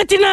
yëkkati na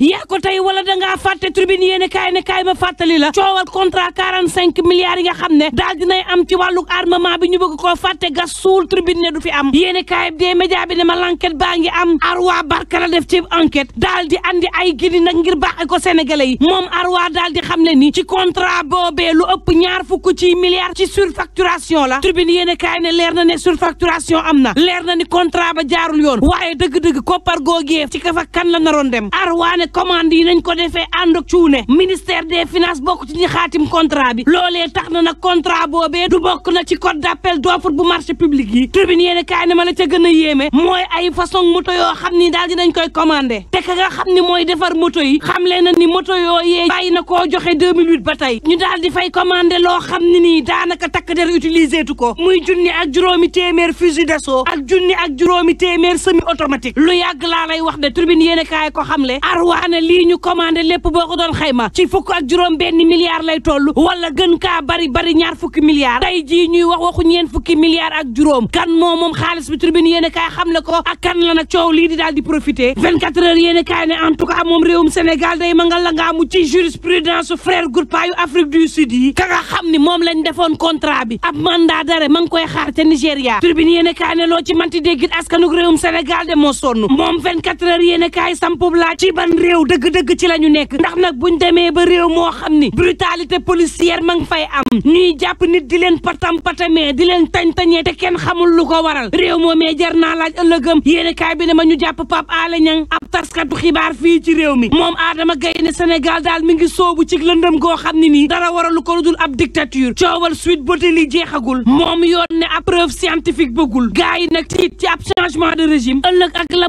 yaa ko tey wala dangaa fàtte tribune yéene kaay ne kaay ma fàttali la coowal contrat 45 yi nga xam ne daal dinay am ci wàllu armement bi ñu bëgg koo fàtte gas suul tribune du fi am yéene kaay bi dee média bi ne ma l'enquête baa ngi am arwa barka la def ci enquête daal di andi ay gindi nag ngir baaxe ko sénégalais yi moom arwa daal di xam le ni ci contrat boobee lu ëpp ñaar fukk ci milliards ci surfacturation la tribune yéene kaay ne leer na ne surfacturation am na na ni contrat ba jaarul yoon waaye kan la naroon dem arwaane commande yi nañ ko defee ànd ak cuune ministère des finances bokk ci ñi xaatim contrat bi loole tax na nag contrat boobee du bokk na ci code d' appel d' offre bu marché public yi tribune yéene kaay ne ma la ca gën a yéeme mooy ay façon moto yoo xam ni daal dinañ koy commandé te xam ni mooy defar moto yi xamle na ni moto yooyee bàyyi na ko joxe 2008 ba tey ñu daal di fay commandé loo xam ne nii daanaka takk der utiliser tu ko muy junni ak juróomi téeméer fusil d'assaut ak junni ak juróomi téeméer semi automatique lu yàgg laa lay tribune yéen a kaay ko xamle arwaana lii ñu commandé lépp boo ko doon xayma ci fukk ak juróom benn milliard lay toll wala gën kaa bari bari ñaar fukki milliards tey jii ñuy wax waxu ñeen fukki milliards ak juróom kan moo moom xaalis bi tribune yéen a kaay xamle ko ak kan la coow lii di daal di profité 24 kaay ne en moom réewum Sénégal day ma nga ci jurisprudence frère groupa yu Afrique du Sud yi ka xam ni moom lañ defoon contrat bi ab mandat d'arrêt a kaay ne loo yéene kaay sampub laaj ci ban réew dëgg-dëgg ci la ñu nekk ndax nag buñ demee ba réew moo xam ni brutalité policière ma ngi fay am ñuy jàpp nit di leen patam patamee di leen tañ-tañee te kenn xamul lu ko waral réew moomee jar naa laaj ëllëgëm yéene kaay bi ne ma ñu jàpp Pape Alé Niang ab taskatu xibaar fii ci réew mi moom Adama Gaye ne Sénégal daal mi ngi soobu ci lëndëm goo xam ne nii dara waralu ko lu dul ab dictature coowal suite bote li jeexagul moom yoon ne ab preuve scientifique bëggul gars yi nag tiit ci ab changement de régime ëllëg ak la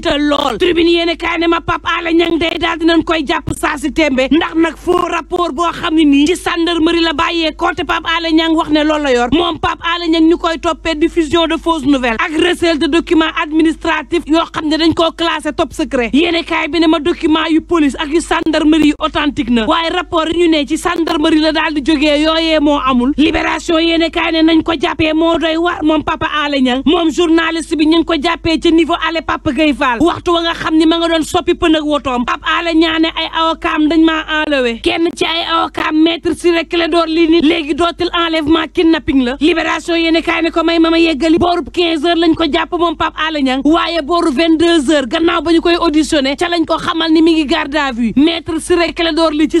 tiital lool tribune yéen kaay ne ma Pape Alé Niang day daal dinañ koy jàpp saa si tembe ndax nag faux rapport boo xam ne nii ci gendarmerie la bàyyee côté Pape Alé Niang wax ne loolu yor moom Pape Alé Niang ñu koy toppee diffusion de fausses nouvelles ak recel de documents administratifs yoo xam ne dañ koo classé top secret yéen bi ne ma document yu police ak yu gendarmerie yu authentique na waaye rapport yi ñu ne ci gendarmerie la daal di jógee moo amul libération waxtu wa nga xam ni ma nga doon soppi pën ak wotoom Pape Alé Niang ne ay awokaam dañ maa enlevé kenn ci ay awokaam maître Ciré Clédor Ly ni léegi dootul enlèvement la libération yéeni kaay ne ko may ma ma yeggali booru 15 ko jàpp moom Pape Alé Niang ko xamal ni mi ngi garde à vue maître Ciré Clédor Ly ci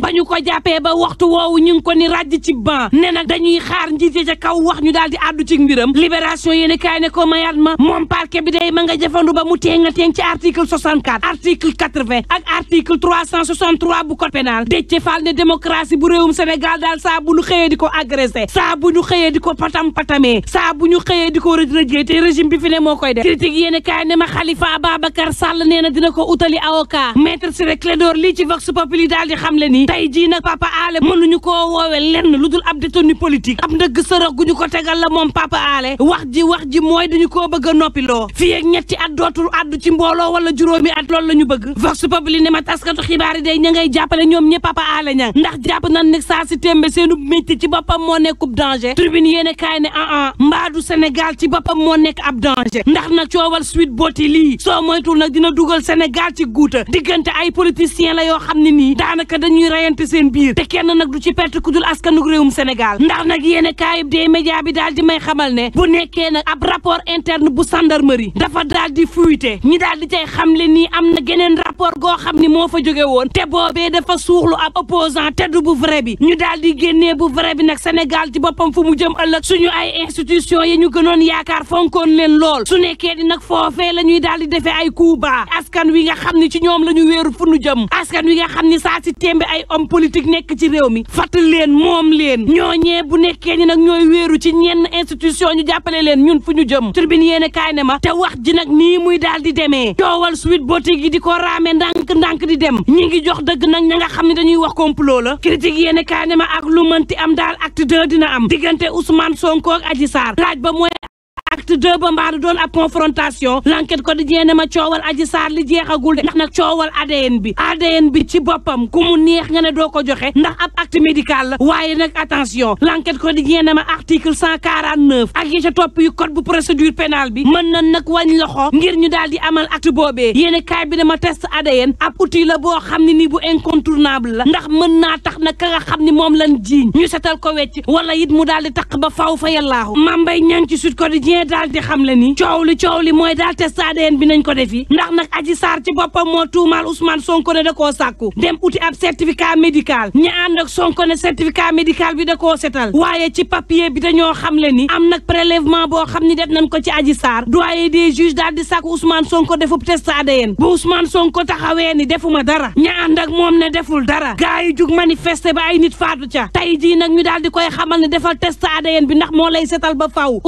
ba ñu ko jàppee ba waxtu ne ko mayaat ma moom parquet bi day ma nga jëfandu ba ba mu teeng a teeng ci article 64 article 80 ak article 363 bu code pénal Déthié Fall ne démocratie bu réewum Sénégal daal saa bu xëyee di ko agressé saa bu xëyee di ko patam patamee saa bu xëyee di ko rëj rëjee te régime bi fi ne moo koy def critique yéen kaay ne ma Khalifa Ababacar Sall nee na dina ko utali avocat maître Ciré Clédor lii ci vox populi daal di xam ni tey jii nag Papa Alé mënuñu koo woowe lenn lu dul ab détenu politique ab ndëgg sërëx gu ñu ko tegal la moom Papa Alé wax ji wax ji koo bëgg a dootul addu ci mbooloo wala juróomi at loolu la ñu bëgg vox populi ne ma taskatu xibaar yi day ña ngay jàppale ñoom ñi papa aala ñang ndax jàpp nan ne saa si ci boppam moo nekkub danger tribune yéene kaay ne ah ah mbaadu Sénégal ci boppam moo nekk ab danger ndax nag coowal suite booti lii soo moytul nag dina dugal Sénégal ci guuta diggante ay politiciens la yoo xam ne nii daanaka dañuy reyante seen biir te kenn nag du ci perte ku dul askanug réewum Sénégal ndax nag yéene kaayub dee média bi daal di may xamal ne bu nekkee nag ab rapport interne bu gendarmerie dafa daal di fuite ñi cay xamle nii am na geneen rapport goo xam ni moo fa jóge woon te boobee dafa suuxlu ab opposant te bu vrai bi ñu daal di génnee bu vrai bi nag Sénégal ci boppam fu mu jëm ëllëg suñu ay institution yi ñu gënoon yaakaar fonkoon leen lool su nekkee di nag foofee la ñuy daal di defee ay coup bas askan wi nga xam ni ci ñoom la ñu wéeru fu nu jëm askan wi nga xam ni saa si tembe ay homme politique nekk ci réew mi fàttali leen moom leen ñooñee bu nekkee ni nag ñooy wéeru ci ñenn institution ñu jàppale leen ñun fu ñu muy daal di demee coowal suite boutique yi di ko raame ndànk-ndànk di dem ñi ngi jox dëgg nag ña nga xam ne dañuy wax complot la critique yéen kaay ne ma ak lu mënti am daal acte deux dina am diggante Ousmane Sonko ak Adji laaj ba mooy acte deux ba mbaadu doon ab confrontation l'enquête quotidien ne ma coowal aji saar li jeexagul de ndax nag coowal ADN bi ADN bi ci boppam ku mu neex nga ne doo ko joxe ndax ab acte médical la waaye nag attention l'enquête quotidien ne ma article cent quarante neuf ak yi ca topp yu code bu procédure pénale bi mën na nag wàñ loxo ngir ñu daal di amal acte boobe yéen kaay bi dama test ADN ab uti la boo xam ne nii bu incontournable la ndax mën naa tax nag ka nga xam ni moom lan jiiñ ñu setal ko wecc wala it mu daal di taq ba faw fa yàllaahu mambay ñang ci Sud Quotidien daal di xam le ni coow li coow li mooy daal test ADN bi nañ ko defi ndax nag Adji Sarr ci boppam moo tuumaal Ousmane Sonko ne da koo sàkku dem uti ab certificat médical ñi ànd ak Sonko ne certificat médical bi da koo setal waaye ci papier bi dañoo xam le ni am nag prélèvement boo xam ni def nañ ko ci Adji Sarr doyen des juges daal di sàkku Ousmane Sonko defub test ADN bu Ousmane Sonko tax ni defuma dara ñi ànd ak moom ne deful dara gaa yi jug manifester ba ay nit faatu ca tey jii nag ñu daal di koy xamal ne defal test ADN bi ndax moo lay setal ba faw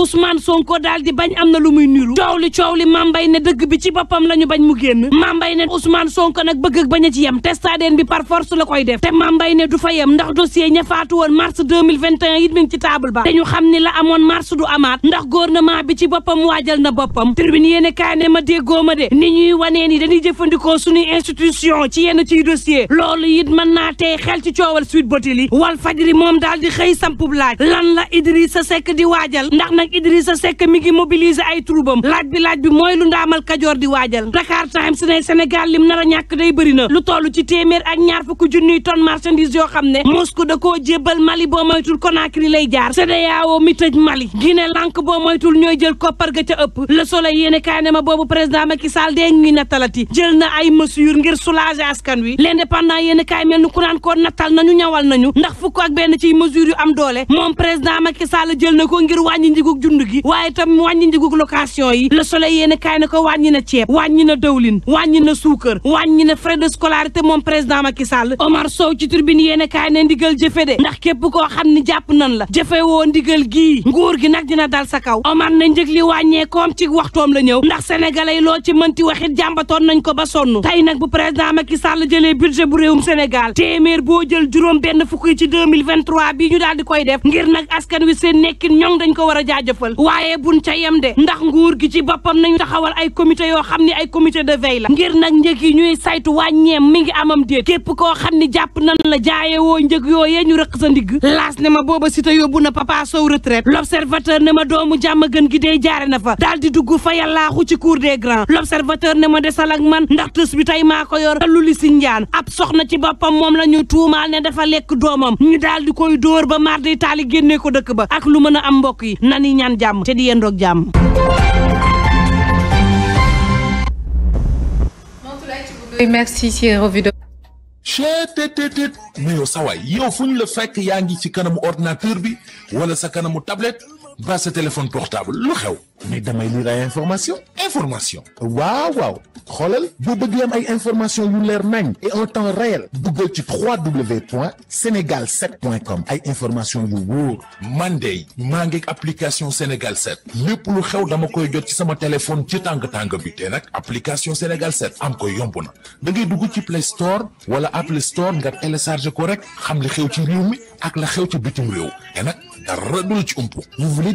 daal di bañ am na lu muy niru coow li coow li mambay ne dëgg bi ci boppam la ñu bañ mu génn mambay ne Ousmane Sonko nag bëgg ak bañ a ci yem testadeen bi par force la koy def te mambay ne du fa yem ndax dossier ña faatu woon mars 2021 it mi ngi ci table ba dañu xam ni la amoon mars du amaat ndax gouvernement bi ci boppam waajal na boppam tribune yéene kaay ne ma déggoo ma de ni ñuy wanee ni dañuy jëfandikoo suñuy institution ci yenn ciy dossier loolu it mën naa tey xel ci coowal suite botti li wal fajri moom daal di xëy sampub laaj lan la Idrissa Seck di waajal ndax nag Idrissa Seck mi gi mobiliser ay troubam bi laaj bi mooy lu ndaamal kajoor di waajal Dakar Times ne Sénégal lim nara ñàkk day bëri na lu toll ci téeméer ak ñaar fukki junniy tonnes marchandise yoo xam ne Moscou da ko jébbal Mali boo moytul Conakry lay jaar CEDEAO mi tëj Mali Guinée lank boo moytul ñooy jël ko par ga ca ëpp Le Soleil yéene kaay ne ma boobu président Macky Sall dee ngi nattalati jël na ay mesures ngir soulager askan wi L'Indépendant yéene kaay mel ni ku naan koo nattal nañu ñawal nañu ndax fukk ak benn ci mesures yu am doole moom président Macky Sall jël na ko ngir wàññi njigug jund gi mu wàññi njëgu location yi la soleil yéen a kaay ko wàññi na ceeb wàññi na dëwlin wàññi na suukar wàññi na frais de scolarité moom président Macky Sall Omar Sow ci turbine yéen a kaay ne ndigal jëfe de ndax képp koo xam ni jàpp nan la jëfe woo ndigal gi nguur gi nag dina dal sa kaw Omar na njëg li wàññee koom ci waxtoom la ñëw ndax sénégalais loo ci mënti waxit jàmbatoon nañ ko ba sonn tey nag bu président Macky Sall jëlee budget bu réewum Sénégal téeméer boo jël juróom benn fukki ci 2023 bi ñu daal di koy def ngir nag askan wi seen nekkin ñoŋ dañ ko war a jaajëfal ca yem de ndax nguur gi ci bappam nañu taxawal ay comité yoo xam ni ay comité de veille la ngir nag njëg yi ñuy saytu wàññeem mi ngi amam déet képp koo xam ni jàpp nan la jaaye woo njëg yooyee ñu rëq sa ndigg laas ne ma booba si te yóbbu na papa sow retraite l'observateur ne ma doomu jàmm gën gi dee jaare na fa daal di dugg fa yàllaaxu ci cour des grands l'observateur ne ma desal ak man ndax tës bi tey maa ko yor lu li si njaan ab soxna ci bappam moom la ñu tuumaal ne dafa lekk doomam ñu daal di koy dóor ba mardi taali génnee ko dëkk ba ak lu mën a am mbokk yi nani ñaan jàmm te di yendoo ak jàmm. merci ci revue de. chetetetet mais yow sawaay yow fu la fekk yaa ngi ci kanamu ordinateur bi wala sa kanamu tablette ba sa téléphone portable lu xew. mais damay lire ay information information waaw waaw xoolal boo bëgg am ay information yu leer nañ et en temps réel duggal ci 3w point sénégal 7 point com ay information yu wóor man maa ngi application sénégal 7 lépp lu xew dama koy jot ci sama téléphone ci tàng tàng bi te nag application sénégal 7 am ko yomb na da ngay dugg ci play store wala apple store nga télécharge ko rek xam li xew ci réew mi ak la xew ci bitim réew te nag dara dul ci umpu vous voulez